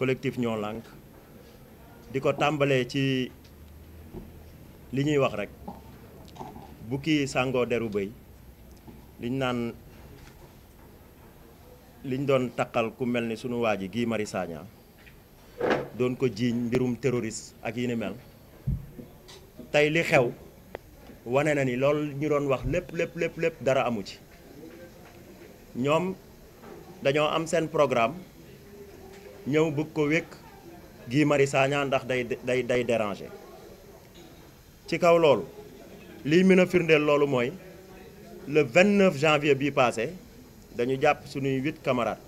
collectif ñoo lànk di ko tàmbalee ci li ñuy wax rek bukki sàngoo deru bëy liñ naan liñ doon taqal ku mel ni sunu waa ji Guy Marius doon ko jiiñ mbirum terroriste ak yi ni mel tey li xew wane na ni loolu ñu doon wax lépp lépp lépp lépp dara amu ci ñoom dañoo am seen programme ñëw bugg ko wékk Guy Marius Sagna ndax day day day déranger ci kaw loolu lii mën a firndeel loolu mooy le 29 janvier bii passé dañu jàpp suñuy huit camarades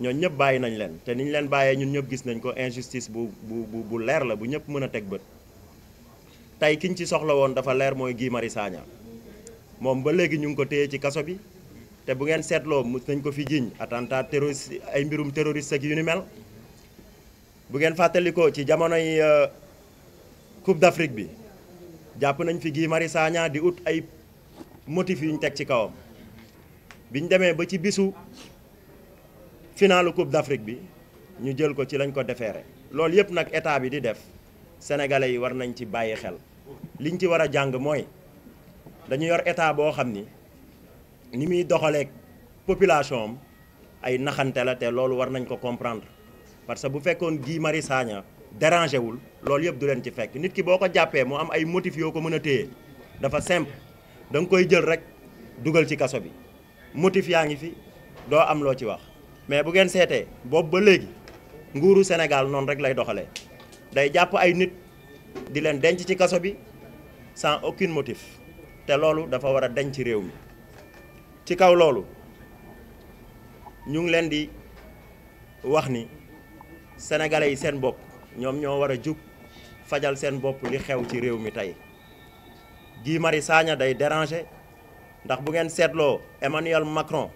ñoo ñëpp bàyyi nañ leen te ni leen bàyyee ñun ñëpp gis nañ ko injustice bu bu bu leer la bu ñëpp mën a teg bët tey kiñ ci soxla woon dafa leer mooy Guy Marius moom ba léegi ñu ngi ko téye ci kaso bi te bu ngeen seetloo mu nañ ko fi jiiñ attentat terroriste ay mbirum terroriste ak yu ni mel bu ngeen fàttalikoo ci jamonoy euh, Coupe d'Afrique bi jàpp nañ fi Guy Marius Sagna di ut ay motifs yu ñu teg ci kawam biñ demee ba ci bisu finalu Coupe d'Afrique bi ñu jël ko ci lañ ko defeere loolu yëpp nag état bi di def sénégalais yi war nañ ci bàyyi xel liñ ci war a jàng mooy dañuy yor état boo xam ni ni muy doxaleeg population ay naxante la te loolu war nañ ko comprendre parce que bu fekkoon Guy Marius Sagna dérangé wul loolu yëpp du leen ci fekk nit ki boo ko jàppee mu am ay motifs yoo ko mën a téye dafa simple da nga koy jël rek dugal ci kaso bi motif yaa ngi fi doo am loo ci wax mais bu ngeen seetee boobu ba léegi nguuru Sénégal noonu rek lay doxalee day jàpp ay nit di leen denc ci kaso bi sans aucun motif te loolu dafa war a denc ci réew mi ci kaw loolu ñu ngi leen di wax ni sénégalais yi seen bopp ñoom ñoo war a jug fajal seen bopp li xew ci réew mi tey Guy Marius Sagna day déranger ndax bu ngeen seetloo Emmanuel Macron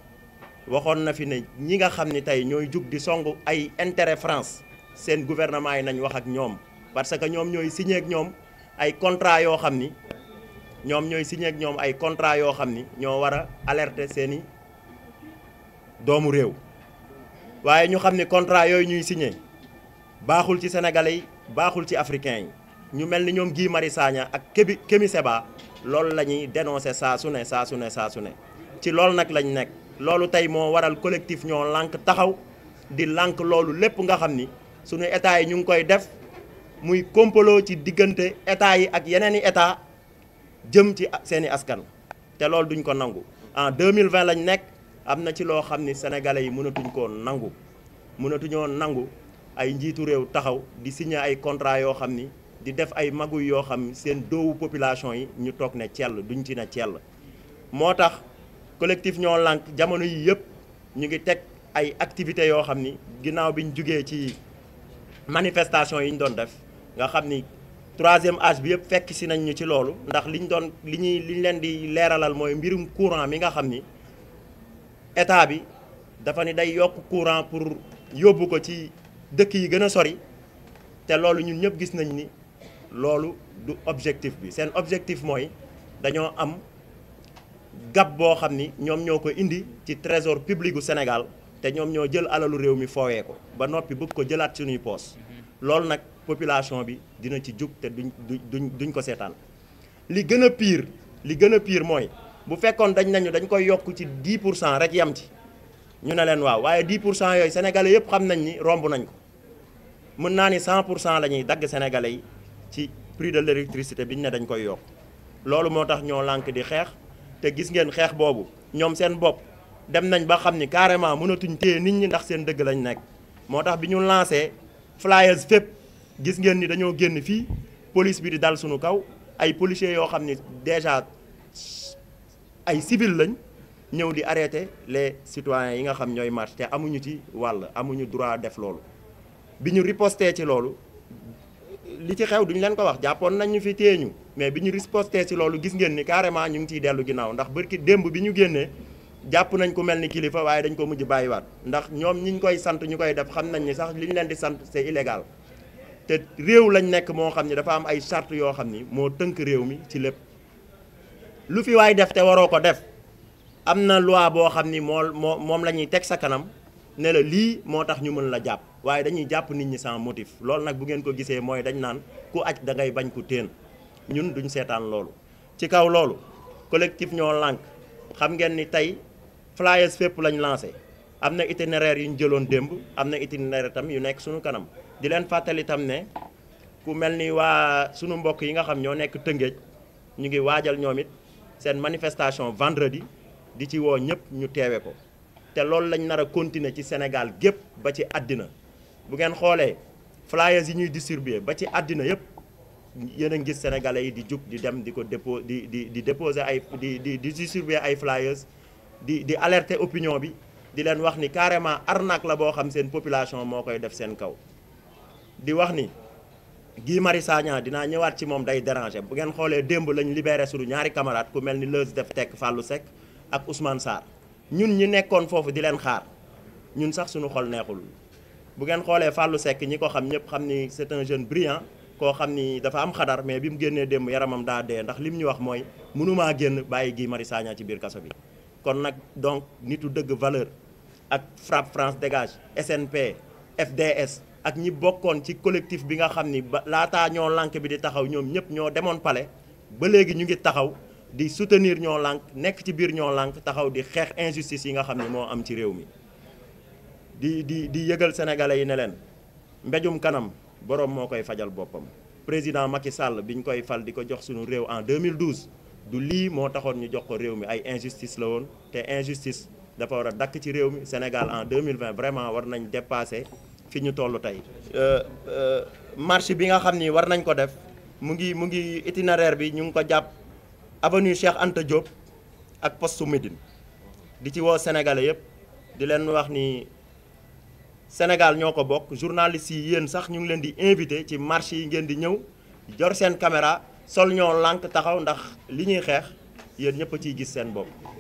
waxoon na fi ne ñi nga xam ni tey ñooy jug di song ay intérêt France seen gouvernement yi nañ wax ak ñoom parce que ñoom ñooy signé ak ñoom ay contrat yoo xam ni ñoom ñooy signé ak ñoom ay contrat yoo xam ni ñoo war a alerter seeni doomu réew waaye ñu xam ni contrat yooyu ñuy signé baaxul ci sénégalais yi baaxul ci africains yi ñu mel ni ñoom Guy Marius Sagna ak Kémi Kémi Séba loolu la ñuy dénoncé saa su ne saa ne saa ne ci loolu nag lañu nekk loolu tey moo waral collectif ñoo lànk taxaw di lànk loolu lépp nga xam ni suñu état yi ñu ngi koy def muy complot ci diggante état yi ak yeneen i état jëm ci seeni askan te loolu duñ ko nangu en 2020 lañ nekk am na ci loo xam ni sénégalais yi mënatuñ koo nangu mënatuñoo nangu ay njiitu réew taxaw di signa ay contrat yoo xam ni di def ay maguy yoo xam seen doowu population yi ñu toog ne cell duñ ci ne cell moo tax collectif ñoo lànk jamono yi yëpp ñu ngi teg ay activités yoo xam ni ginnaaw bi ñu jugee ci manifestation yi ñu doon def nga xam ni troisième âge bi yëpp fekk si nañ ñu ci loolu ndax li ñu doon li ñuy liñ leen di leeralal mooy mbirum courant mi nga xam ni état bi dafa ne day yokk courant pour yóbbu ko ci dëkk yi gën a sori te loolu ñun ñëpp gis nañ ni loolu du objectif bi seen objectif mooy dañoo am gàpp boo xam ni ñoom ñoo ko indi ci trésor pibliku gu Sénégal te ñoom ñoo jël alalu réew mi foowee ko ba noppi bëgg ko jëlaat suñuy poos loolu nag population bi dina ci jug te duñ duñ duñ ko seetaan li gën a piir li gën a piir mooy bu fekkoon dañ nañu dañ koy yokk ci 10 pour cent rek yam ci ñu ne leen waaw waaye 10 pour cent yooyu sénégalais yëpp xam nañ ni romb nañ ko mën naa ni 100 pour cent la ñuy dagg sénégalais yi ci prix de l'électricité bi ñu ne dañ koy yokk loolu moo tax ñoo lànk di xeex te gis ngeen xeex boobu ñoom seen bopp dem nañ ba xam ni carrément mënatuñ téye nit ñi ndax seen dëgg lañ nekk tax bi flyers fépp gis ngeen ni dañoo génn fii police bi di dal suñu kaw ay policiers yoo xam ni déjà ay civil lañ ñëw di arrêter les citoyens yi nga xam ñooy marche te amuñu ci wàll amuñu droit def loolu bi ñu riposté ci loolu li ci xew duñu leen ko wax jàppoon nañ ñu fi téye ñu mais bi ñu riposté ci loolu gis ngeen ni carrément ñu ngi ciy dellu ginnaaw ndax bër bërki démb bi ñu génnee jàpp nañ ku mel ni kilifa waaye dañ ko mujj bàyyiwaat ndax ñoom ñi ñu koy sant ñu koy def xam nañ ni sax li ñu leen di sant sa illégal te réew lañ nekk moo xam ni dafa am ay charte yoo xam ni moo tënk réew mi ci lépp lu fi waay def te waroo ko def am na loi boo xam ni moo moo moom la ñuy teg sa kanam ne la lii moo tax ñu mën la jàpp waaye dañuy jàpp nit ñi sans motif loolu nag bu ngeen ko gisee mooy dañ naan ku aj da bañ ku téen ñun duñ seetaan loolu ci kaw loolu collectif ñoo lànk xam ngeen ni tey flyers fépp lañ lancé am na itinéraire yu ñu jëloon démb am na itinéraire tam yu nekk suñu kanam di leen fàttali tam ne ku mel ni waa sunu mbokk yi nga xam ñoo nekk Tëngéej ñu ngi waajal ñoom it seen manifestation vendredi di ci woo ñëpp ñu teewe ko te loolu lañ nar a continuer ci Sénégal gépp ba ci àddina bu ngeen xoolee flyers yi ñuy distribuer ba ci àddina yëpp yéen a gis sénégalais yi di jug di dem di ko dépo di di di déposer ay di di di distribuer ay flyers di di alerter opinion bi di leen wax ni carrément arnaque la boo xam seen population moo koy def seen kaw di wax ni Guy Marius Sagna dinaa ñëwaat ci moom day déranger bu ngeen xoolee démb lañ libéré suñu ñaari camarade ku mel ni Leuz def tekk Fallou Seck ak Ousmane Sarr ñun ñi nekkoon foofu di leen xaar ñun sax suñu xol neexul bu ngeen xoolee Fallou sekk ñi ko xam ñëpp xam ni c'est en jeune brillant koo xam ni dafa am xadar mais bi mu génnee démb yaramam daa dee ndax lim ñu wax mooy mënumaa génn bàyyi Guy Marius Sagna ci biir kaso bi kon nag donc nitu dëgg valeur ak FRAPP France dégage SNP FDS ak ñi bokkoon ci collectif bi nga xam ni ba laataa ñoo lànk bi di taxaw ñoom ñëpp ñoo demoon pale ba léegi ñu ngi taxaw di soutenir ñoo lànk nekk ci biir ñoo lànk taxaw di xeex injustice yi nga xam ne moo am ci réew mi di di di yëgal sénégalais yi ne leen mbéjum kanam boroom moo koy fajal boppam président Macky Sall bi ñu koy fal di ko jox suñu réew en 2012 du lii moo taxoon ñu jox ko réew mi ay injustice la woon te injustice dafa war a dakk ci réew mi Sénégal en deux mille 2020 vraiment war nañ dépasser fi ñu toll tey. Euh, euh, marche bi nga xam ni war nañ ko def mu ngi mu ngi itinéraire bi ñu ngi ko jàpp avenue Cheikh Anta Diop ak poste Médine di ci woo sénégalais yëpp di leen wax ni Sénégal ñoo ko bokk journalistes yi yéen sax ñu ngi leen di invité ci marche yi ngeen di ñëw jor seen caméra. sol ñoo lànk taxaw ndax li ñuy xeex yéen ñëpp a ciy gis seen bopp